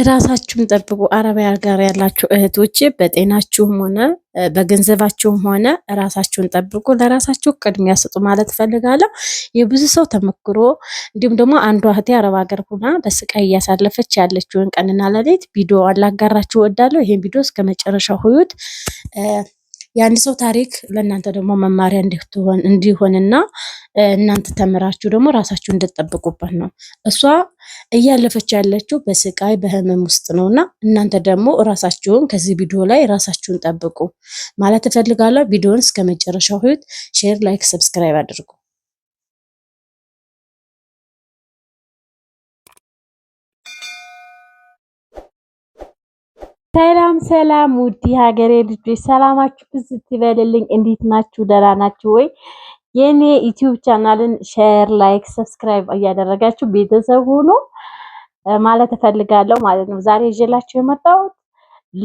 እራሳችሁን ጠብቁ። አረቢያ ጋር ያላችሁ እህቶች በጤናችሁም ሆነ በገንዘባችሁም ሆነ ራሳችሁን ጠብቁ። ለራሳችሁ ቅድሚያ ስጡ ማለት ፈልጋለሁ። የብዙ ሰው ተመክሮ እንዲሁም ደግሞ አንዷ እህቴ አረብ ሀገር ሁና በስቃይ እያሳለፈች ያለችውን ቀንና ለሌት ቪዲዮ አላጋራችሁ እወዳለሁ። ይህን ቪዲዮ እስከ መጨረሻው ሁዩት። የአንድ ሰው ታሪክ ለእናንተ ደግሞ መማሪያ እንዲሆንና እናንተ ተምራችሁ ደግሞ ራሳችሁ እንድትጠብቁበት ነው። እሷ እያለፈች ያለችው በስቃይ በህመም ውስጥ ነው እና እናንተ ደግሞ ራሳችሁን ከዚህ ቪዲዮ ላይ ራሳችሁን ጠብቁ ማለት እፈልጋለሁ። ቪዲዮን እስከ መጨረሻው ህይወት ሼር፣ ላይክ፣ ሰብስክራይብ አድርጉ። ሰላም ሰላም ውድ ሀገሬ ልጆች ሰላማችሁ ብዙ ትበልልኝ። እንዴት ናችሁ? ደህና ናችሁ ወይ? የኔ ዩቲዩብ ቻናልን ሼር፣ ላይክ፣ ሰብስክራይብ እያደረጋችሁ ቤተሰብ ሆኖ ማለት እፈልጋለሁ ማለት ነው። ዛሬ ይዤላችሁ የመጣሁት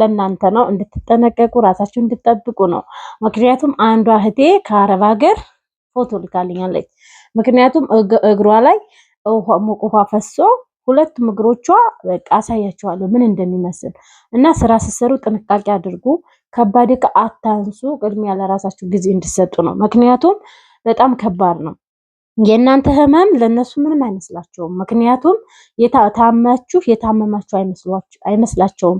ለእናንተ ነው፣ እንድትጠነቀቁ ራሳችሁ እንድትጠብቁ ነው። ምክንያቱም አንዷ እህቴ ከአረብ ሀገር ፎቶ ልካልኛለች። ምክንያቱም እግሯ ላይ ሙቅ ውሃ ፈሶ ሁለቱም እግሮቿ በቃ አሳያቸዋለሁ ምን እንደሚመስል እና ስራ ስትሰሩ ጥንቃቄ አድርጉ። ከባድ ዕቃ አታንሱ። ቅድሚያ ለራሳችሁ ጊዜ እንድሰጡ ነው። ምክንያቱም በጣም ከባድ ነው። የእናንተ ህመም ለእነሱ ምንም አይመስላቸውም። ምክንያቱም የታመችሁ የታመማችሁ አይመስላቸውም።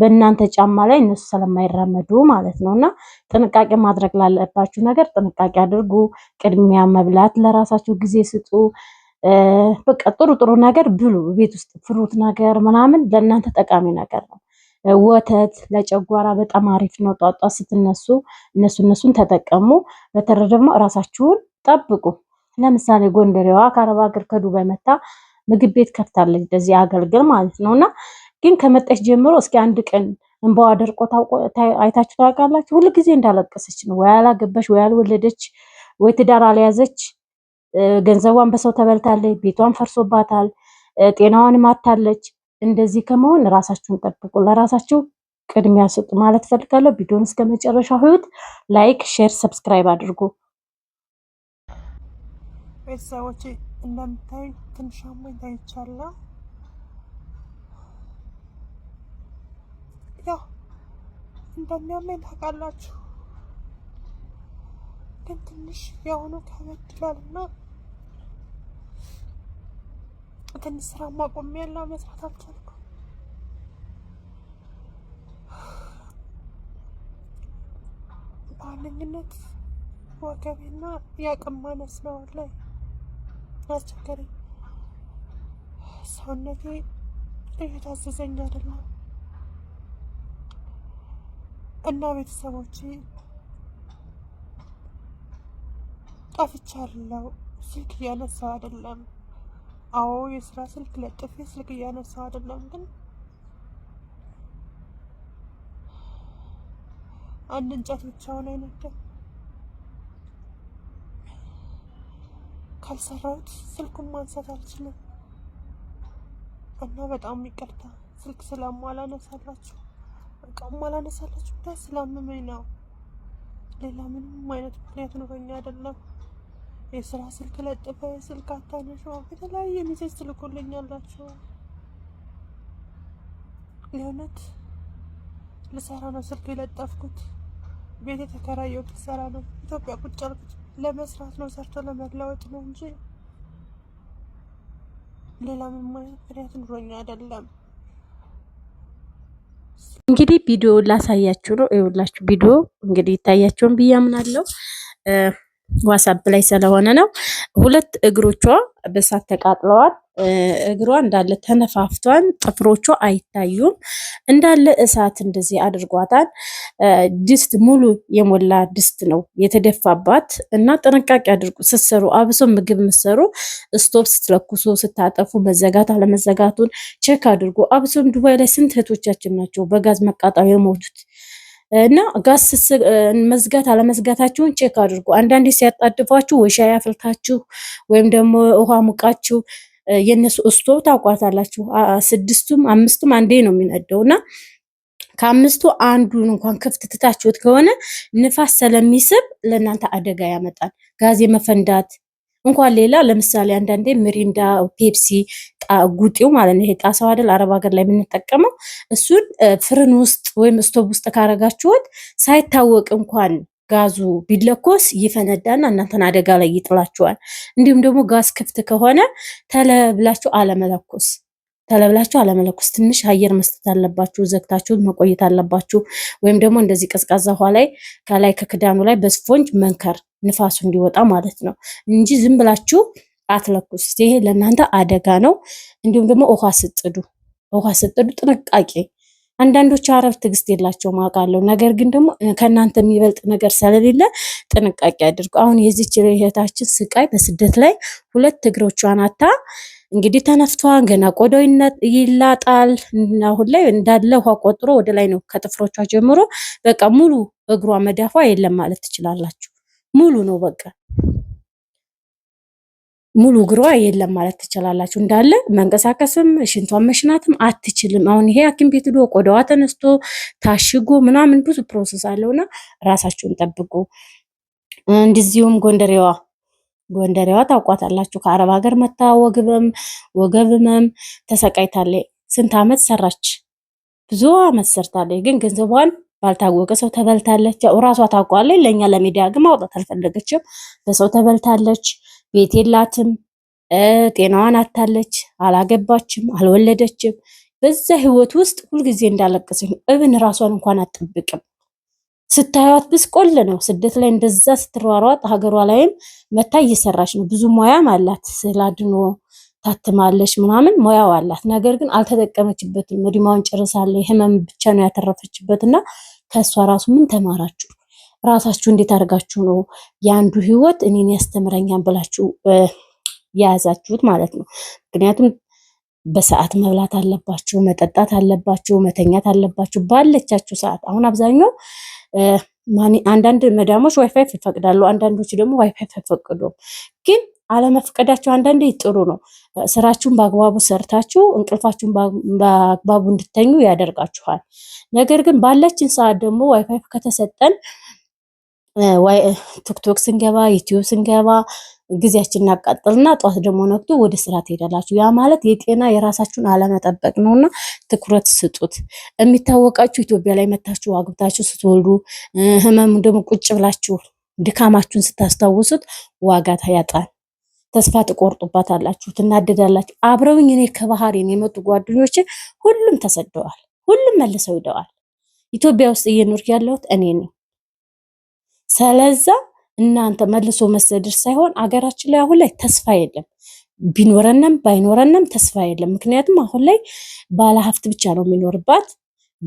በእናንተ ጫማ ላይ እነሱ ስለማይራመዱ ማለት ነው። እና ጥንቃቄ ማድረግ ላለባችሁ ነገር ጥንቃቄ አድርጉ። ቅድሚያ መብላት ለራሳችሁ ጊዜ ስጡ። በቃ ጥሩ ጥሩ ነገር ብሉ። ቤት ውስጥ ፍሩት ነገር ምናምን ለእናንተ ጠቃሚ ነገር ነው። ወተት ለጨጓራ በጣም አሪፍ ነው። ጧጧ ስትነሱ እነሱ እነሱን ተጠቀሙ። በተረ ደግሞ እራሳችሁን ጠብቁ። ለምሳሌ ጎንደሬዋ ከአረብ ሀገር ከዱባይ መታ ምግብ ቤት ከፍታለች፣ እንደዚህ አገልግል ማለት ነው። እና ግን ከመጣች ጀምሮ እስኪ አንድ ቀን እንባዋ ደርቆ አይታችሁ ታውቃላችሁ? ሁልጊዜ እንዳለቀሰች ነው። ወይ አላገባች፣ ወይ አልወለደች፣ ወይ ትዳር አልያዘች ገንዘቧን በሰው ተበልታለች፣ ቤቷን ፈርሶባታል፣ ጤናዋን ማታለች። እንደዚህ ከመሆን ራሳችሁን ጠብቁ፣ ለራሳችሁ ቅድሚያ ስጡ ማለት ፈልጋለሁ። ቪዲዮን እስከ መጨረሻው ህይወት ላይክ፣ ሼር፣ ሰብስክራይብ አድርጉ። ቤተሰቦቼ እንደምታዩ ትንሽ አሞኝ ታይቻለሁ። ያው እንደሚያመኝ ታውቃላችሁ፣ ግን ትንሽ የሆኑ ከበድ ይላልና ትንሽ ስራ ማቆም ያለው መስራት አልቻልኩም። በዋነኝነት ወገቤና የአቅም ማነስ ነው ላይ አስቸገረኝ። ሰውነቴ እየታዘዘኝ አይደለም እና ቤተሰቦቼ ጠፍቻለሁ፣ ስልክ እያነሳው አይደለም አዎ የስራ ስልክ ለጥፌ ስልክ እያነሳው አይደለም ግን አንድ እንጨት ብቻውን አይነድም። ካልሰራሁት ስልኩን ማንሳት አልችልም እና በጣም ይቅርታ ስልክ ስለማላነሳላችሁ በቃ ማላነሳላችሁ ብቻ ስላመመኝ ነው። ሌላ ምንም አይነት ምክንያት ኑሮኛ አይደለም። የስራ ስልክ ለጥፈ ስልክ አታነሽ የተለያየ ሜሴጅ ትልኮልኛላችሁ። የእውነት ልሰራ ነው ስልክ የለጠፍኩት። ቤት የተከራየሁት ልሰራ ነው። ኢትዮጵያ ቁጭ ያልኩት ለመስራት ነው፣ ሰርቶ ለመለወጥ ነው እንጂ ሌላ ምንም አይነት ምክንያት ኑሮኛ አይደለም። እንግዲህ ቪዲዮ ላሳያችሁ ነው። ይኸውላችሁ ቪዲዮ እንግዲህ ይታያቸውን ብዬ አምናለሁ። ዋሳብ ላይ ስለሆነ ነው። ሁለት እግሮቿ በሳት ተቃጥለዋል። እግሯ እንዳለ ተነፋፍቷን፣ ጥፍሮቿ አይታዩም። እንዳለ እሳት እንደዚህ አድርጓታል። ድስት ሙሉ የሞላ ድስት ነው የተደፋባት እና ጥንቃቄ አድርጉ ስትሰሩ፣ አብሶ ምግብ ምሰሩ፣ ስቶፕ ስትለኩሱ፣ ስታጠፉ መዘጋት አለመዘጋቱን ቼክ አድርጉ። አብሶም ዱባይ ላይ ስንት እህቶቻችን ናቸው በጋዝ መቃጠል የሞቱት? እና ጋስ መዝጋት አለመዝጋታችሁን ቼክ አድርጉ። አንዳንዴ ሲያጣድፏችሁ ወይ ሻይ አፍልታችሁ ወይም ደግሞ ውሃ ሙቃችሁ የእነሱ እስቶ ታውቋታላችሁ። ስድስቱም አምስቱም አንዴ ነው የሚነደው እና ከአምስቱ አንዱን እንኳን ክፍት ትታችሁት ከሆነ ንፋስ ስለሚስብ ለእናንተ አደጋ ያመጣል። ጋዜ መፈንዳት እንኳን ሌላ ለምሳሌ አንዳንዴ ምሪንዳ፣ ፔፕሲ ጉጤው ማለት ነው። ይሄ ጣሳው አይደል አረብ ሀገር ላይ የምንጠቀመው እሱን ፍርን ውስጥ ወይም ስቶብ ውስጥ ካረጋችሁት ሳይታወቅ እንኳን ጋዙ ቢለኮስ ይፈነዳና እናንተን አደጋ ላይ ይጥላችኋል። እንዲሁም ደግሞ ጋዝ ክፍት ከሆነ ተለብላችሁ አለመለኮስ ተለብላችሁ አለመለኮስ። ትንሽ አየር መስጠት አለባችሁ። ዘግታችሁ መቆየት አለባችሁ። ወይም ደግሞ እንደዚህ ቀዝቃዛ ውሃ ላይ ከላይ ከክዳኑ ላይ በስፎንጅ መንከር ንፋሱ እንዲወጣ ማለት ነው እንጂ ዝም ብላችሁ አትለኩስ። ይሄ ለእናንተ አደጋ ነው። እንዲሁም ደግሞ ውሃ ስጥዱ፣ ውሃ ስጥዱ ጥንቃቄ። አንዳንዶች አረብ ትዕግስት የላቸውም አውቃለሁ። ነገር ግን ደግሞ ከእናንተ የሚበልጥ ነገር ስለሌለ ጥንቃቄ አድርጉ። አሁን የዚች እህታችን ስቃይ በስደት ላይ ሁለት እግሮቿን አታ እንግዲህ ተነፍቷን ገና ቆዳው ይላጣል። አሁን ላይ እንዳለ ውሃ ቆጥሮ ወደ ላይ ነው ከጥፍሮቿ ጀምሮ በቃ ሙሉ እግሯ መዳፏ የለም ማለት ትችላላችሁ። ሙሉ ነው በቃ ሙሉ እግሯ የለም ማለት ትችላላችሁ። እንዳለ መንቀሳቀስም ሽንቷን መሽናትም አትችልም። አሁን ይሄ ሐኪም ቤት ሄዶ ቆዳዋ ተነስቶ ታሽጎ ምናምን ብዙ ፕሮሰስ አለውና ራሳችሁን ጠብቁ። እንደዚሁም ጎንደሬዋ ጎንደሬዋ ታውቋታላችሁ። ከአረብ ሀገር መታ ወገብም ወገብመም ተሰቃይታለች። ስንት አመት ሰራች? ብዙ አመት ሰርታለች፣ ግን ገንዘቧን ባልታወቀ ሰው ተበልታለች። ራሷ ታውቋለች። ለእኛ ለሚዲያ ግን ማውጣት አልፈለገችም። በሰው ተበልታለች። ቤት የላትም። ጤናዋን አታለች። አላገባችም፣ አልወለደችም። በዛ ህይወት ውስጥ ሁልጊዜ እንዳለቀሰች ነው። እብን ራሷን እንኳን አትጠብቅም። ስታዩት ብስቆል ነው። ስደት ላይ እንደዛ ስትሯሯጥ፣ ሀገሯ ላይም መታ እየሰራች ነው። ብዙ ሙያም አላት። ስዕል አድኖ ታትማለች ምናምን ሙያው አላት። ነገር ግን አልተጠቀመችበትም። እድሜዋን ጨርሳለች። ህመም ብቻ ነው ያተረፈችበት እና ከእሷ ራሱ ምን ተማራችሁ? ራሳችሁ እንዴት አድርጋችሁ ነው የአንዱ ህይወት እኔን ያስተምረኛል ብላችሁ የያዛችሁት ማለት ነው። ምክንያቱም በሰዓት መብላት አለባችሁ፣ መጠጣት አለባችሁ፣ መተኛት አለባችሁ ባለቻችሁ ሰዓት። አሁን አብዛኛው አንዳንድ መዳሞች ዋይፋይ ይፈቅዳሉ፣ አንዳንዶች ደግሞ ዋይፋይ አይፈቅዱም ግን አለመፍቀዳቸው አንዳንዴ ጥሩ ነው። ስራችሁን በአግባቡ ሰርታችሁ እንቅልፋችሁን በአግባቡ እንድተኙ ያደርጋችኋል። ነገር ግን ባለችን ሰዓት ደግሞ ዋይፋይ ከተሰጠን ቲክቶክ ስንገባ፣ ዩቲዩብ ስንገባ ጊዜያችን እናቃጥልና ጠዋት ደግሞ ነግቶ ወደ ስራ ትሄዳላችሁ። ያ ማለት የጤና የራሳችሁን አለመጠበቅ ነውና ትኩረት ስጡት። የሚታወቃችሁ ኢትዮጵያ ላይ መታችሁ አግብታችሁ ስትወልዱ ህመሙ ደግሞ ቁጭ ብላችሁ ድካማችሁን ስታስታውሱት ዋጋ ያጣል። ተስፋ ትቆርጡባታላችሁ፣ ትናደዳላችሁ። አብረውኝ እኔ ከባህሬን የመጡ ጓደኞች ሁሉም ተሰደዋል፣ ሁሉም መልሰው ሂደዋል። ኢትዮጵያ ውስጥ እየኖርኩ ያለሁት እኔ ነኝ። ስለዛ እናንተ መልሶ መሰደድ ሳይሆን አገራችን ላይ አሁን ላይ ተስፋ የለም ቢኖረንም ባይኖረንም ተስፋ የለም። ምክንያቱም አሁን ላይ ባለሀብት ብቻ ነው የሚኖርባት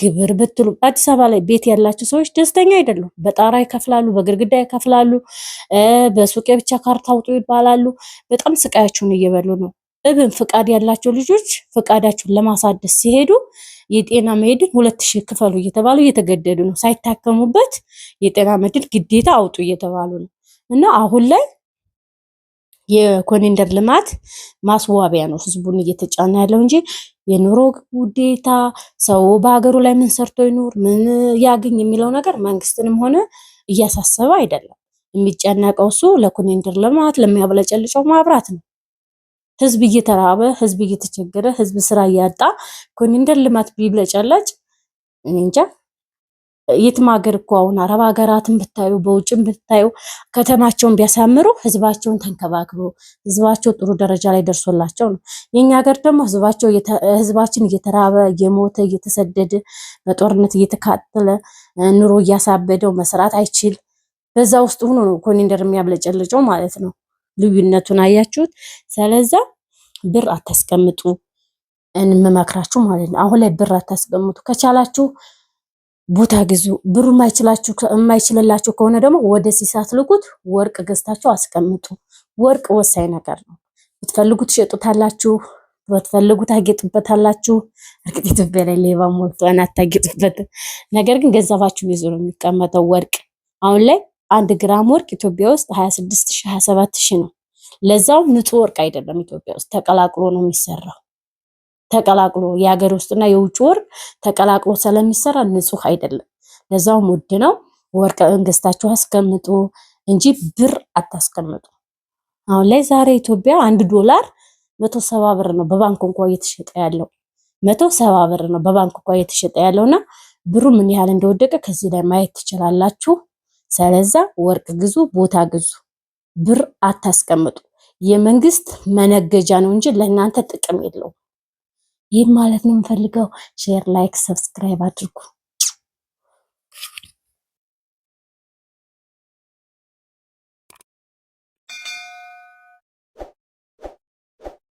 ግብር ብትሉ አዲስ አበባ ላይ ቤት ያላቸው ሰዎች ደስተኛ አይደሉም። በጣራ ይከፍላሉ፣ በግድግዳ ይከፍላሉ፣ በሱቄ ብቻ ካርታ አውጡ ይባላሉ። በጣም ስቃያችሁን እየበሉ ነው። እብን ፍቃድ ያላቸው ልጆች ፍቃዳቸውን ለማሳደስ ሲሄዱ የጤና መድን ሁለት ሺህ ክፈሉ እየተባሉ እየተገደዱ ነው። ሳይታከሙበት የጤና መድን ግዴታ አውጡ እየተባሉ ነው እና አሁን ላይ የኮሪደር ልማት ማስዋቢያ ነው ህዝቡን እየተጫነ ያለው እንጂ የኑሮ ውዴታ ሰው በሀገሩ ላይ ምን ሰርቶ ይኑር ምን ያግኝ የሚለው ነገር መንግስትንም ሆነ እያሳሰበ አይደለም። የሚጨነቀው እሱ ለኮሪደር ልማት ለሚያብለጨልጨው ማብራት ነው። ህዝብ እየተራበ ህዝብ እየተቸገረ ህዝብ ስራ እያጣ ኮሪደር ልማት ቢብለጨለጭ እኔ እንጃ። የትም ሀገር እኮ አሁን አረብ ሀገራትን ብታዩ በውጭም ብታዩ ከተማቸውን ቢያሳምሩ ህዝባቸውን ተንከባክበው ህዝባቸው ጥሩ ደረጃ ላይ ደርሶላቸው ነው። የኛ ሀገር ደግሞ ህዝባቸው ህዝባችን እየተራበ እየሞተ እየተሰደደ በጦርነት እየተካተለ ኑሮ እያሳበደው መስራት አይችል በዛ ውስጥ ሆኖ ነው ኮኔንደር የሚያብለጨልጨው ማለት ነው። ልዩነቱን አያችሁት? ስለዛ ብር አታስቀምጡ እንመክራችሁ ማለት ነው። አሁን ላይ ብር አታስቀምጡ ከቻላችሁ ቦታ ግዙ። ብሩ የማይችልላችሁ ከሆነ ደግሞ ወደ ሲሳት ልኩት፣ ወርቅ ገዝታችሁ አስቀምጡ። ወርቅ ወሳኝ ነገር ነው። ብትፈልጉ ትሸጡታላችሁ፣ ብትፈልጉ ታጌጡበታላችሁ። እርግጥ ኢትዮጵያ ላይ ሌባ ሞልቷን አታጌጡበትም። ነገር ግን ገንዘባችሁን ይዞ ነው የሚቀመጠው ወርቅ። አሁን ላይ አንድ ግራም ወርቅ ኢትዮጵያ ውስጥ 26 27 ሺ ነው። ለዛው ንጹህ ወርቅ አይደለም። ኢትዮጵያ ውስጥ ተቀላቅሎ ነው የሚሰራው። ተቀላቅሎ የሀገር ውስጥና የውጭ ወርቅ ተቀላቅሎ ስለሚሰራ ንጹህ አይደለም። ለዛውም ውድ ነው። ወርቅ ገዝታችሁ አስቀምጡ እንጂ ብር አታስቀምጡ። አሁን ላይ ዛሬ ኢትዮጵያ አንድ ዶላር መቶ ሰባ ብር ነው በባንክ እንኳ እየተሸጠ ያለው መቶ ሰባ ብር ነው በባንክ እንኳ እየተሸጠ እና ብሩ ምን ያህል እንደወደቀ ከዚህ ላይ ማየት ትችላላችሁ። ስለዛ ወርቅ ግዙ፣ ቦታ ግዙ፣ ብር አታስቀምጡ። የመንግስት መነገጃ ነው እንጂ ለእናንተ ጥቅም የለውም። ይህን ማለት ነው የምፈልገው። ሼር፣ ላይክ፣ ሰብስክራይብ አድርጉ።